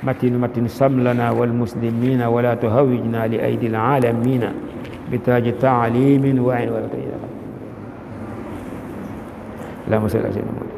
matin matin samlana walmuslimina wala tuhawwijna li aydi alalamina bi taaji taalimin wa in wala la musal a